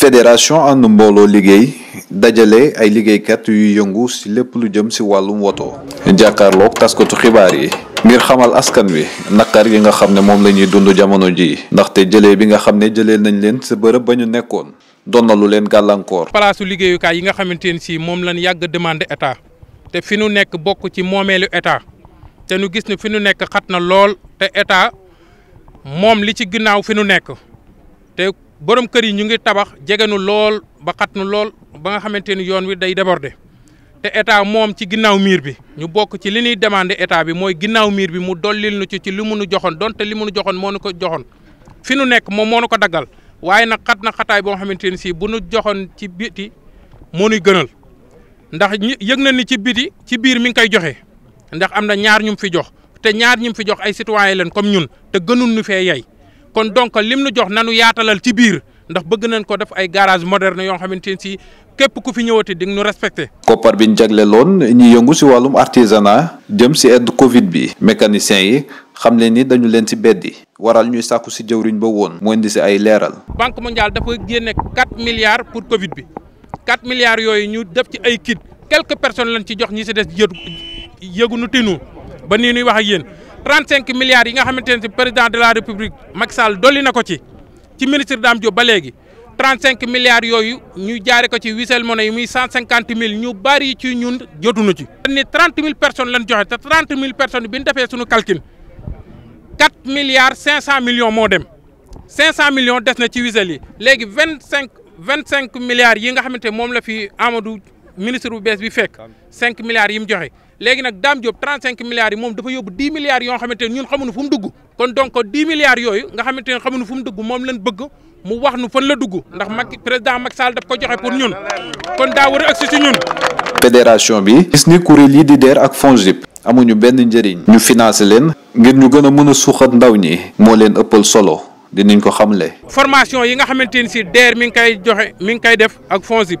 fédération ànd mbooloo liggéey dajale ay liggéeykat yuy yëngu ci lépp lu jëm ci wàllum woto. jàkkaarloog taskatu xibaar yi. ngir xamal askan wi naqar yi nga xam ne moom la ñuy dund jamono jii. ndaxte jële bi nga xam ne jëlee nañ leen sa bërëb ba ñu nekkoon. doon leen gàllankoor. palaasu liggéeyukaay yi nga xamante ne ci moom lañ yàgg demande état te fi nu nekk bokk ci moomeelu état te nu gis ne fi nu nekk xat na lool te état moom li ci ginnaaw fi nu nekk borom kër yi ñu ngi tabax jege nu lool ba xat nu lool ba nga xamante ni yoon wi day déborder te état moom ci ginnaaw miir bi ñu bokk ci li ñuy demander état bi mooy ginnaaw miir bi mu dollil nu ci ci li mu nu joxoon donte li mu nu joxoon moo nu ko joxoon fi nu nekk moom moo nu ko daggal waaye nag xat na xataay boo xamante ni si bu nu joxoon ci biti moo nuy gënal ndax yëg na ni ci biti ci biir mi ngi koy joxe ndax am na ñaar ñu mu fi jox te ñaar ñu mu fi jox ay citoyen leen comme ñun te gënul nu fee yay kon donc lim nu jox nanu yaatalal ci biir ndax bëgg nan ko def ay garage moderne yoo xamante ne si képp ku fi ñëwati di nga nu respecté. koppar bi ñu loon ñi yëngu si wàllum artisanat jëm si aide Covid bi mécaniciens yi xam leen ni dañu leen si beddi waral ñuy sàkku si jëwriñ ba woon. moo indi si ay leeral. banque mondiale dafa génne 4 milliards pour Covid bi 4 milliards yooyu ñu def ci ay kit quelques personnes lañ ci jox ñi si des yëgu yëgu nu tinu ba nii nuy wax ak yéen. cinq milliards yi nga xamante ne si président de la république Macky Sall dolli na ko ci ci ministre Dame Diop ba léegi 35 milliards yooyu ñu jaare ko ci wisel monnaie yi muy 150 mille ñu bari ci ñun jotuñu ci. ni 30 mille personne personnes lañ joxe te 30 mille personnes bi ñu defee suñu calcul 4 milliards 500 millions moo dem 500 millions des na ci wisel yi léegi 25 25 milliards yi nga xamante moom la fi amadu ministre bu bes bi fekk 5 milliards yim joxe legui nak Dame job 35 milliards mom dafa yob 10 milliards yo xamanteni ñun xamuñu fu mu dugg kon donc 10 milliards yoyu nga xamanteni ne xamuñu fu mu dugg mom lañ bëgg mu wax nu fan la dugg ndax mak président mak Sall daf ko joxe pour ñun kon da wara aksi ci ñun. fédération bi gis ni kuréel li di DER ak fonds jip amuñu ben njëriñ ñu financer len ngir ñu gëna mëna suxat ndaw ñi mo len ëppal solo dinañ ko xamle. formation yi nga xamanteni ci DER mi ngi kay joxe mi ngi kay def ak fonds jip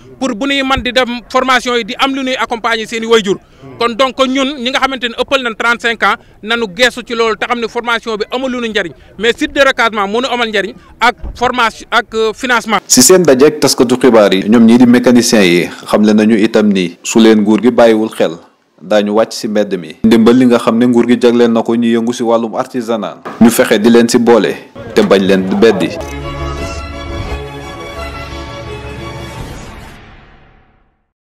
pour bu ñuy man di dem formation yi di am lu ñuy accompagner seen wayjur kon donc ñun ñi nga xamante ëppal nañ 35 ans nanu gessu ci lool te xam formation bi ñu ndariñ mais site de recrutement mënu amal ndariñ ak formation ak euh, financement. ci seen tasko du xibaar yi ñom ñi di mécanicien yi le nañu itam ni su leen nguur gi bayiwul xel dañu wacc si mbedd mi. ndimbal li nga xam ne nguur gi jagleen na ko ñu yëngu si wàllum artisanat. ñu fexe di leen si boole te bañ leen beddi.